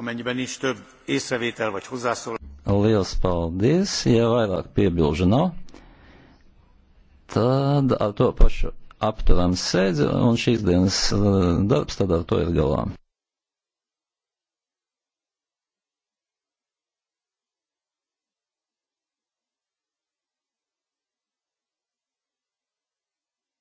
amennyiben nincs több észrevétel vagy hozzászólás. Liels paldies, ja vairāk piebilžu nav, tad ar to pašu apturam sēdzi un šīs dienas eh, darbs tad ar to ir galā.